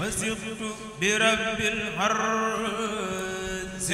وسقت برب الحرز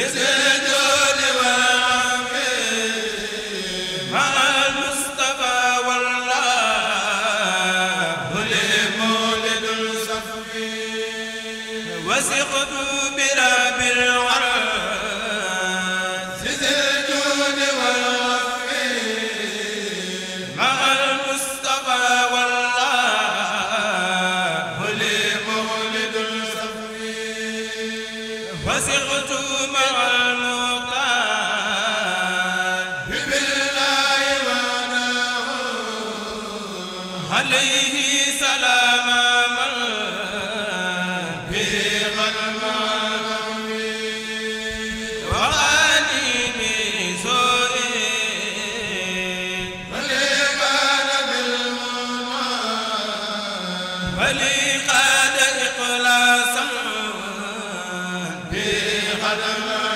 bi xadama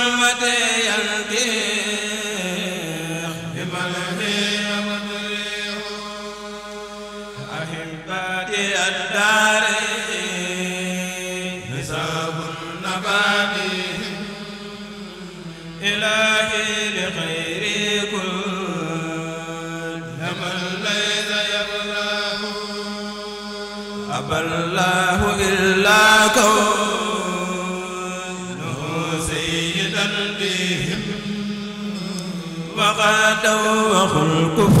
تدوخوا الكفر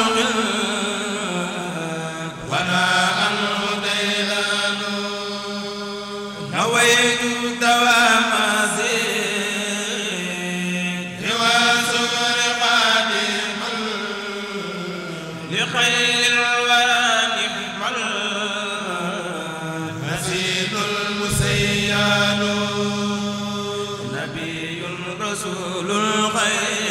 سيان نبي رسول الخير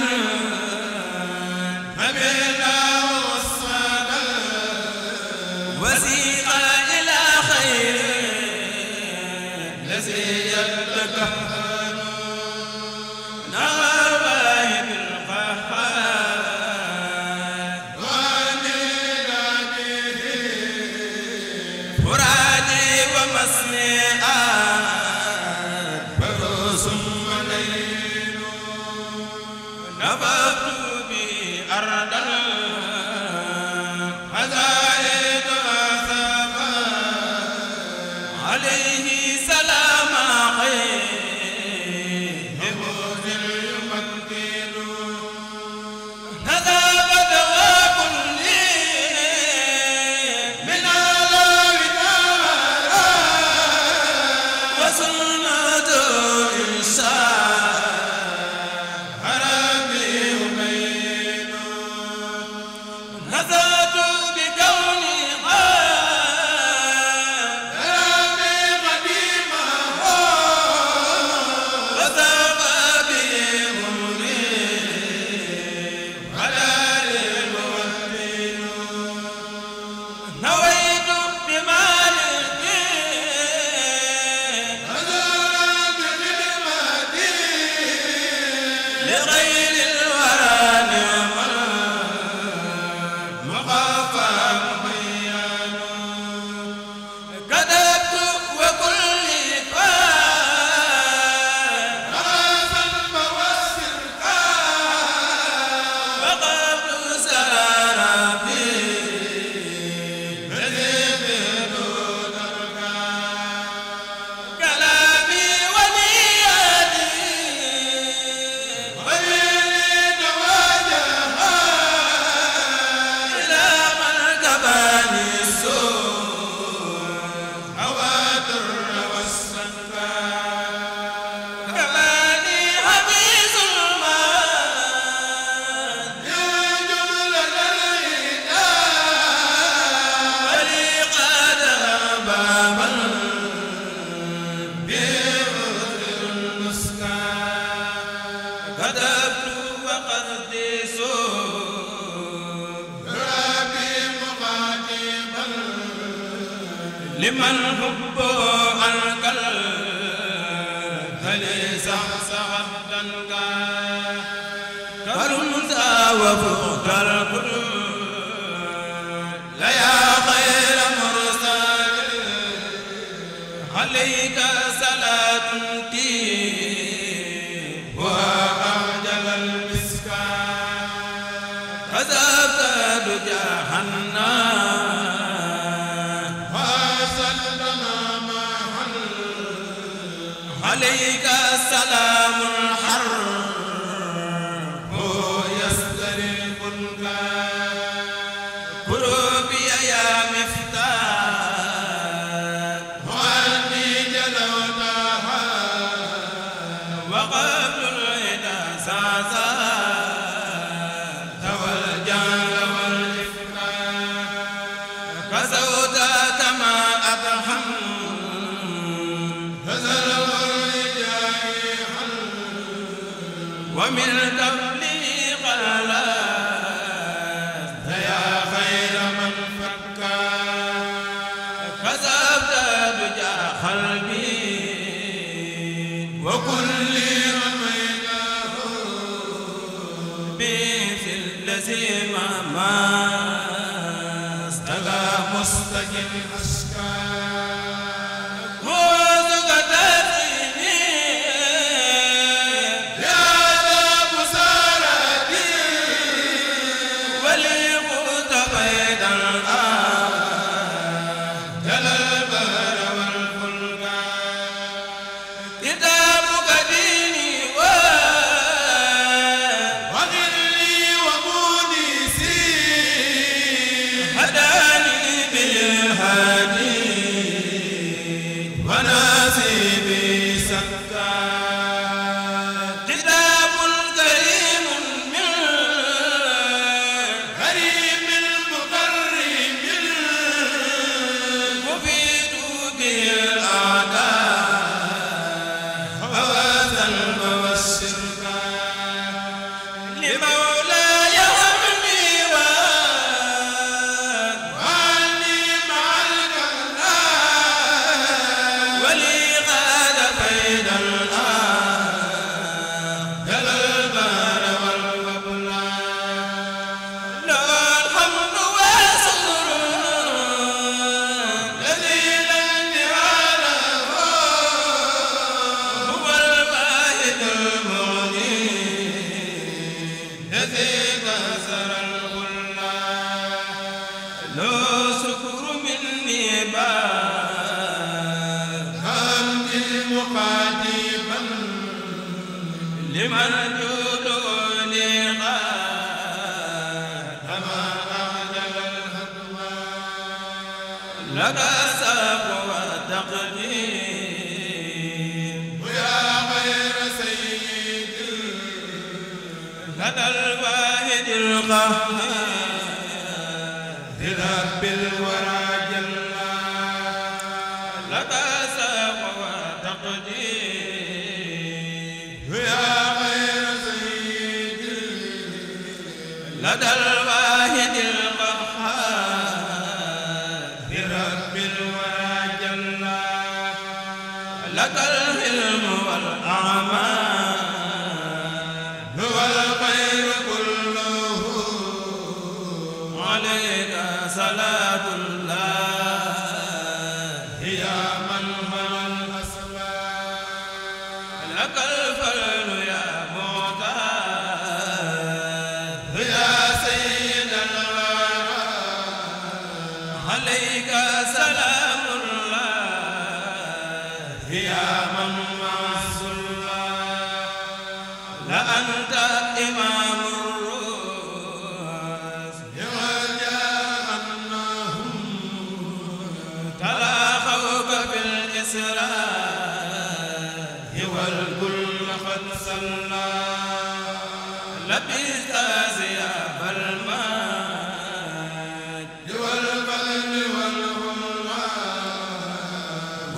من alayka salaam badal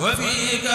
وفيك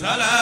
salaam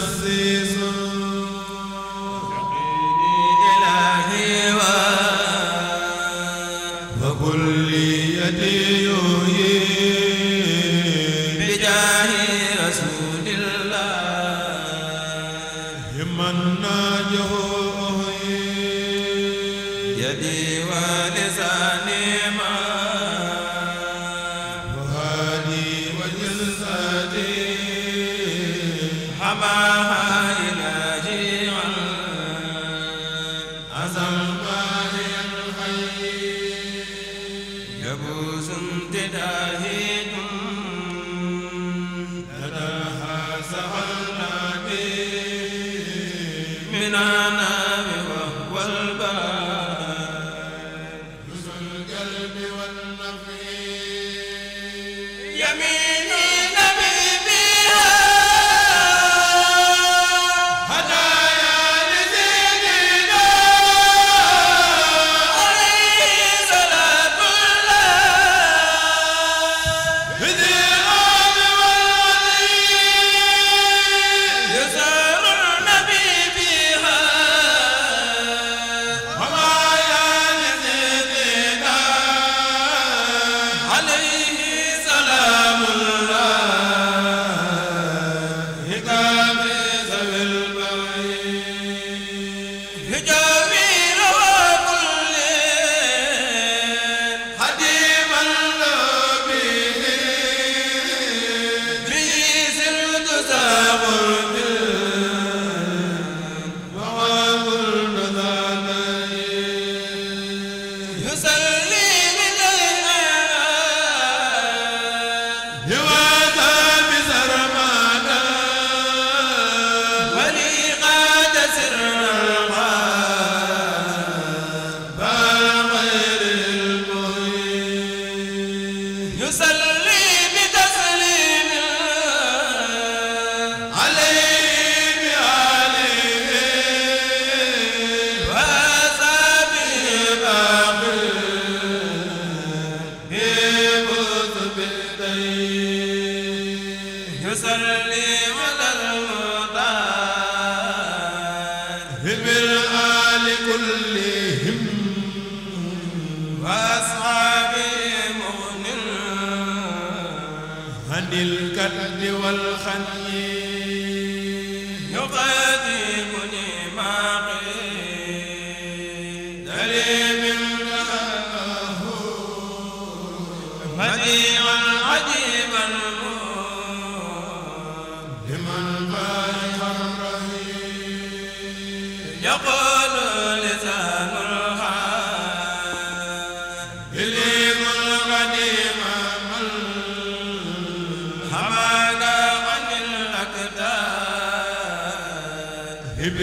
aziz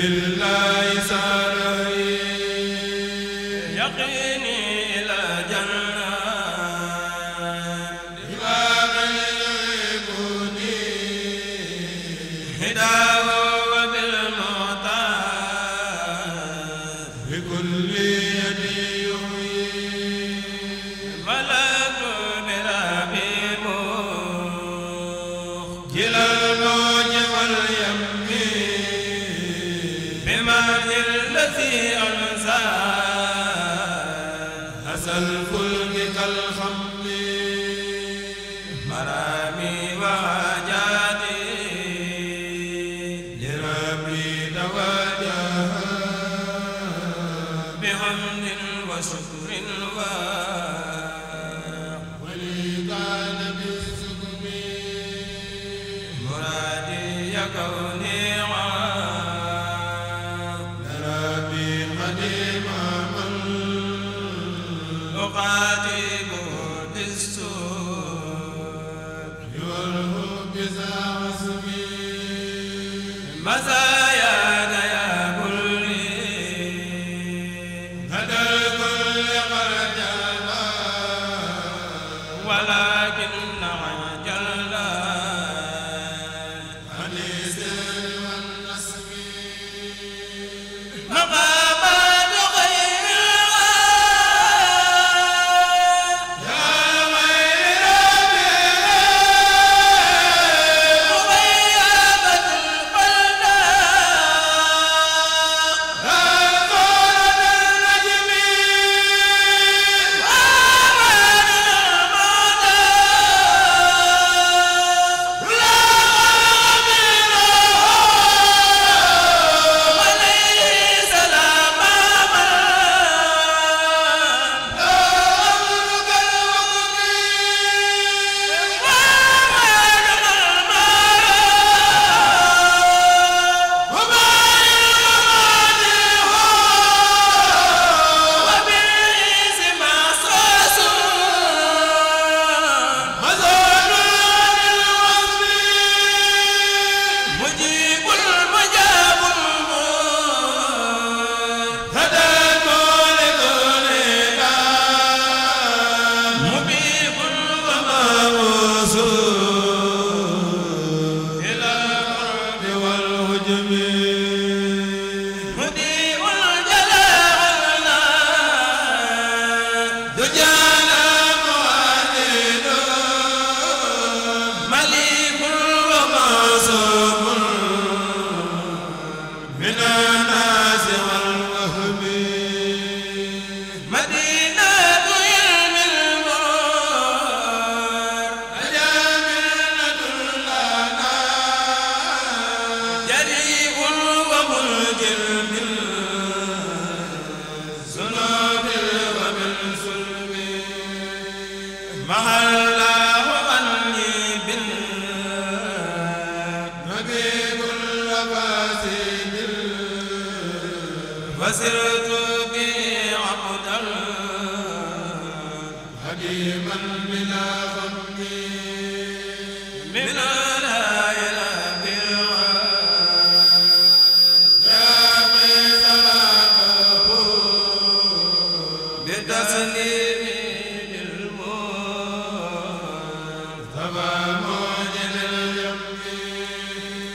bil